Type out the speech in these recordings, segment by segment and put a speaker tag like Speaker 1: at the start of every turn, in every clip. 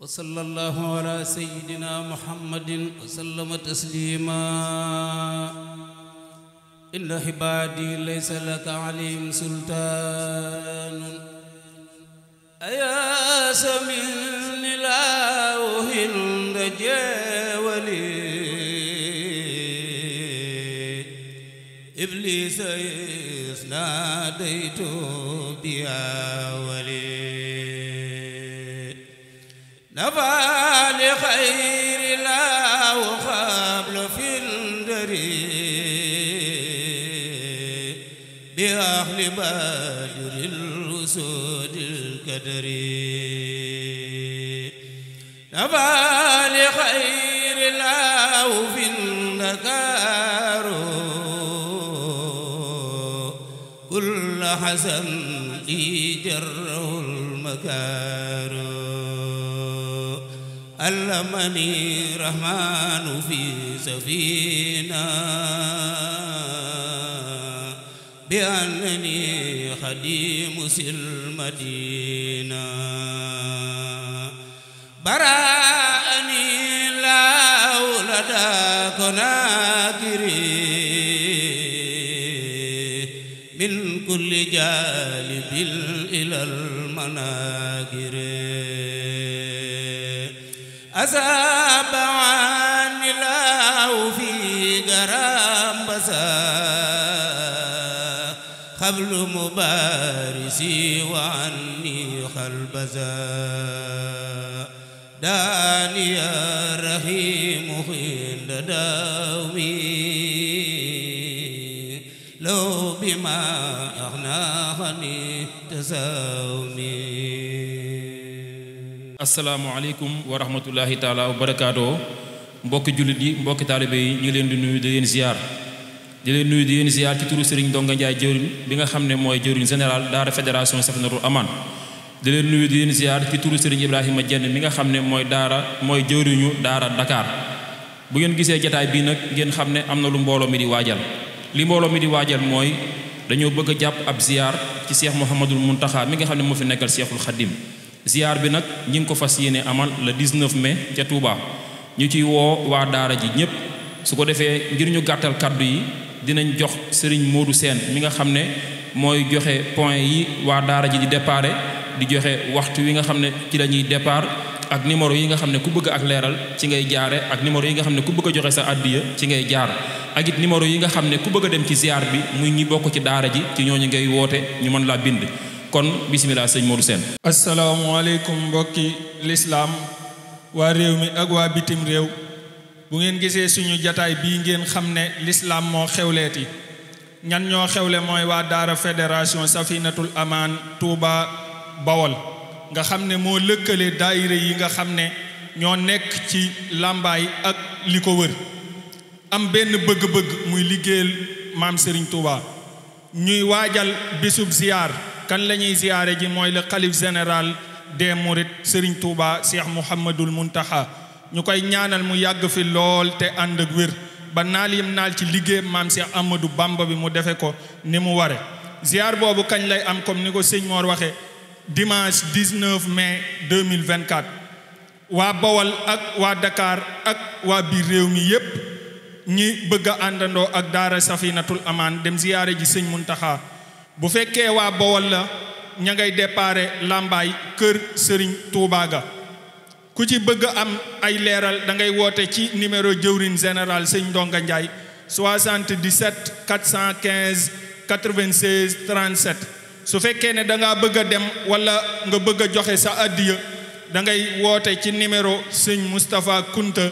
Speaker 1: وصلى الله على سيدنا محمد وسلم تسليما إن عبادي ليس لك عليهم سلطان أيا سمين لا أهند جولي إبليس إذ ناديت بياو بادر الرسول الكدر
Speaker 2: نفع
Speaker 1: لخير الله في النكار كل حسن لي جره المكار علمني رحمن في سفينه بأنني قديم المدينة براني لا ولدا كناكري من كل جانب إلى المناكر أصاب عني لا في غرام بسار حبل مبارسي وعني خلب داني يا رحيم حين داومي لو بما أغناني تساومي السلام
Speaker 3: عليكم ورحمة الله تعالى وبركاته mbokki jullit yi mbokki taalibe yi ñu ngi leen di nuyu di leen ziar di leen nuyu di yéen ziar ci turu Serigne Donga Ndiaye jëwriñ bi nga xam ne mooy jëwriñ général daara fédération Safinatoul Aman di leen nuyu di leen ziar ci turu Serigne Ibrahima Jenn bi nga xam ne mooy daara mooy jëwriñu daara ndakaar bu ngeen gisee jataay bii nag ngeen xam ne am na lu mbooloo mi di waajal li mbooloo mi di waajal mooy dañoo bëgg a jàpp ab ziar ci Cheikh mun taxaar mi nga xam ne moo fi nekkal Cheikhul Khadim ziar bi nag ñi ngi ko fas yéene amal le 19 mai ca Touba ñu ciy woo waa daara ji ñëpp su ko defee ngir ñu gàttal kaddu yi dinañ jox Serigne Modou Sène mi nga xam ne mooy joxe point yi waa daara ji di déparé di joxe waxtu wi nga xam ne ci la ñuy départ ak numéro yi nga xam ne ku bëgg ak leeral ci ngay jaare ak numéro yi nga xam ne ku bëgg a joxe sa addiya ci ngay jaar ak it numéro yi nga xam ne ku bëgg a dem ci ziar bi muy ñi bokk ci daara ji ci ñooñu ngay woote ñu mën laa bind kon bisimilah sëñ Modou Sène
Speaker 4: asalaamaaleykum mbokki lislaam waa réew mi ak waa bitim réew bu ngeen gisee suñu jataay bii ngeen xam ne lislaam moo xewleeti ñan ñoo xewle mooy waa daara fédération safiinatul amaan Touba Bawol nga xam ne moo lëkkale daayira yi nga xam ne ñoo nekk ci làmbaay ak li ko wër am benn bëgg-bëgg muy liggéeyal maam Serigne Touba ñuy waajal bisub ziyaar kan la ñuy ziyaare ji mooy le xalif général des mourides Serigne Touba Cheikh Mouhamadoul Mountakha ñu koy ñaanal mu yàgg fi lool te ànd ak wér ba naal yim naal ci liggéey maam Cheikh amadu Bamba bi mu defe ko ni mu ware ziar boobu kañ lay am comme ni ko sëñ Mor waxee dimanche 19 mai 2024 waa Bawol ak waa dakaar ak waa biir réew mi yépp ñi bëgg àndandoo ak daara safiinatul amaan dem ziyaare ji sëñ Muntaxa bu fekkee waa bowal la ña ngay déparé làmbaay kër Sëriñ Tuubaa ga ku ci bëgg am ay leeral da ngay woote ci numéro jëwrin général sëñ Ndonga Ndiaye 77 415 96 37 su fekkee ne da ngaa bëgg a dem wala nga bëgg a joxe sa addiya da ngay woote ci numéro sëñ Moustapha Kunta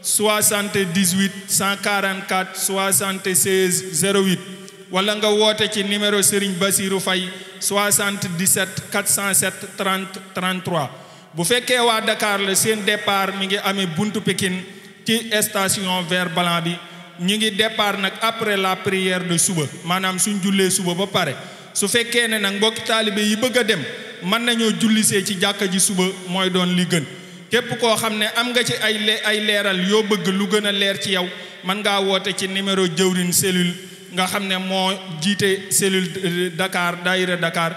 Speaker 4: 78 144 76 08 wala nga woote ci numéro Serigne Bassirou Faye 77 407 30 33 bu fekkee waa Dakar la seen départ mi ngi amee buntu pikin ci station vert blanc bi ñu ngi départ nag après la prière de suba maanaam suñ jullee suba ba pare su fekkee ne nag mbokk taalibe yi bëgg a dem mën nañoo jullisee ci jàkka ji suba mooy doon li gën képp koo xam ne am nga ci ay ay leeral yoo bëgg lu gën a leer ci yow mën ngaa woote ci numéro jëwrin cellule nga xam ne moo jiite cellule Dakar daayira Dakar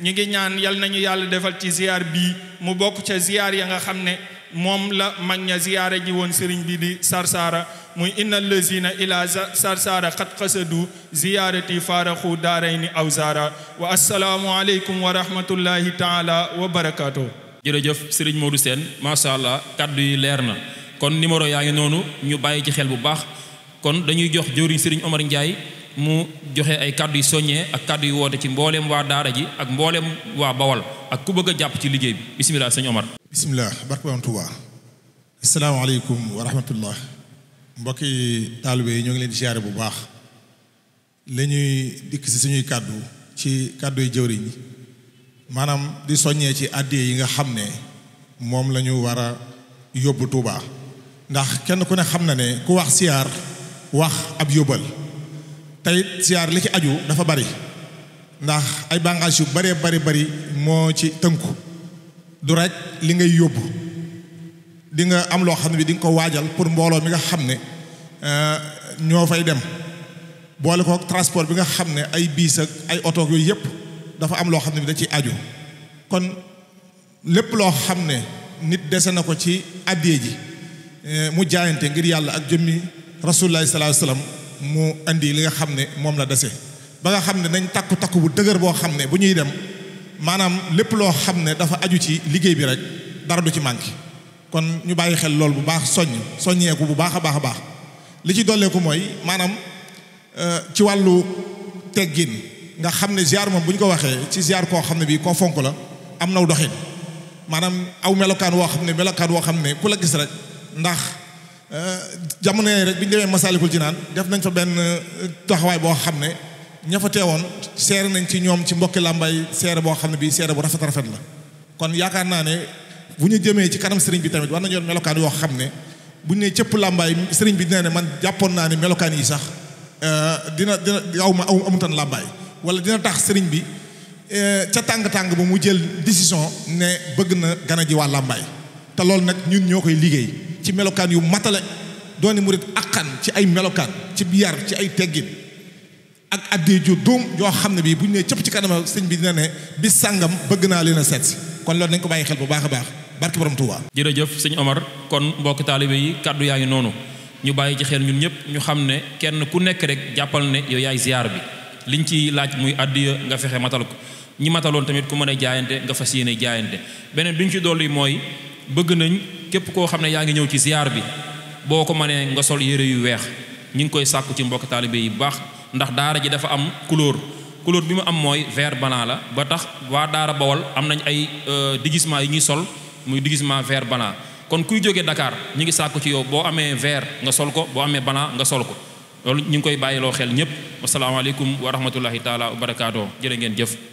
Speaker 4: ñu ngi ñaan yal nañu yàlla defal ci ziar bii mu bokk ca ziar ya nga xam ne moom la mag ña ziyaare ji woon sëriñ bi di sarsaara muy inna lazina ila sarsaara xat xasadu ziyaarati faaraxu daarayni awsaara wa assalaamu aleykum wa rahmatullahi taala wa barakaatu
Speaker 3: jërëjëf sëriñ Modou seen macha allah kàddu yi leer na kon numéro yaa ngi noonu ñu bàyyi ci xel bu baax kon dañuy jox jëwriñ sëriñ Omar Ndiaye mu joxe ay kàddu yu soññee ak kàddu yu woote ci mbooleem waa daara ji ak mbooleem waa bawal ak ku bëgg a jàpp ci liggéey bi bisimilah sëñ Omar.
Speaker 2: bisimilah barkam Tuubaa asalaamaaleykum wa rahmatullah mbokki taalibe yi ñoo ngi leen di siyaare bu baax lañuy dikk si suñuy kàddu ci kàddu yu jëwriñ maanaam di soññee ci àddee yi nga xam ne moom la ñu war a yóbbu tuuba ndax kenn ku ne xam na ne ku wax siyaar wax ab yóbbal teyit siyaar li ci aju dafa bari ndax ay bànqaas yu baree bari bari moo ci tënku du rek li ngay yóbbu di nga am loo xam ne bi di ko waajal pour mbooloo mi nga xam ne euh, ñoo fay dem boole ko transport bi nga xam ne ay biis ak ay oto yooyu yëpp dafa am loo xam ne bi da ciy aju kon lépp loo xam ne nit dese na ko ci addee ji euh, mu jaayante ngir yàlla ak jëmmi rasulullah sallallahu mu indi li nga xam ne moom la dese ba nga xam ne nañ takku takku bu dëgër boo xam ne bu ñuy dem maanaam lépp loo xam ne dafa aju ci liggéey bi rek dara du ci manqué kon ñu bàyyi xel lool bu baax soññ soññeeku bu baax a baax a baax li ci dolleeku mooy maanaam euh, ci wàllu teggin nga xam ne ziar moom bu ñu ko waxee ci ziar koo xam ne bii koo fonk la am naw doxin maanaam aw melokaan woo xam ne melokaan woo xam ne ku la gis rek ndax Euh, jamono yooyu rek bi ñu demee Masaalikul naan def nañ fa benn euh, taxawaay boo xam ne ña fa teewoon seere nañ ci ñoom ci mbokki làmbaay seere boo xam ne bii seere bu rafet rafet la kon yaakaar naa ne bu ñu jëmee ci kanam sëriñ bi tamit war nañu yor melokaan yoo xam ne bu ñu nee cëpp làmbaay seriñ bi dina ne man jàppoon naa ne melokaan yi sax euh, dina dina aw ma aw amutan làmbaay wala dina tax sëriñ bi ca tàng-tàng ba mu jël décision ne bëgg na gana ji waa làmbaay te loolu nag ñun ñoo koy liggéey ci melokaan yu matale dooni murit akkan ci ay melokaan ci yar ci ay teggin ak addee ju doom yoo xam ne bii bu ñu nee cëpp ci kanama sëñ bi dina ne bis sàngam bëgg naa leen a seet si kon loolu nañ ko bàyyi xel bu baax a baax barki borom Tuubaa
Speaker 3: jërëjëf sëñ Omar kon mbokk taalibe yi kàddu yaa ngi noonu ñu bàyyi ci xel ñun ñëpp ñu xam ne kenn ku nekk rek jàppal ne yow yaay ziar bi liñ ci laaj muy addiya nga fexe matal ko ñi mataloon tamit ku mën a jaayante nga fas yéene jaayante beneen bi ñu ci dolli mooy bëgg nañ képp koo xam ne yaa ngi ñëw ci ziar bi boo ko mënee nga sol yére yu weex ñu ngi koy sàkku ci mbokk taalibe yi baax ndax daara ji dafa am couleur couleur bi mu am mooy vert banaa la ba tax waa daara bawol am nañ ay euh, déguisement yi ñuy sol muy déguisement vert banaa kon kuy jógee Dakar ñi ngi sàkku ci yow boo amee ver nga sol ko boo amee banaa nga sol ko loolu ñu ngi koy bàyyiloo xel ñëpp wasalaamaaleykum wa rahmatullahi taala wa barakaatoo jërë ngeen jëf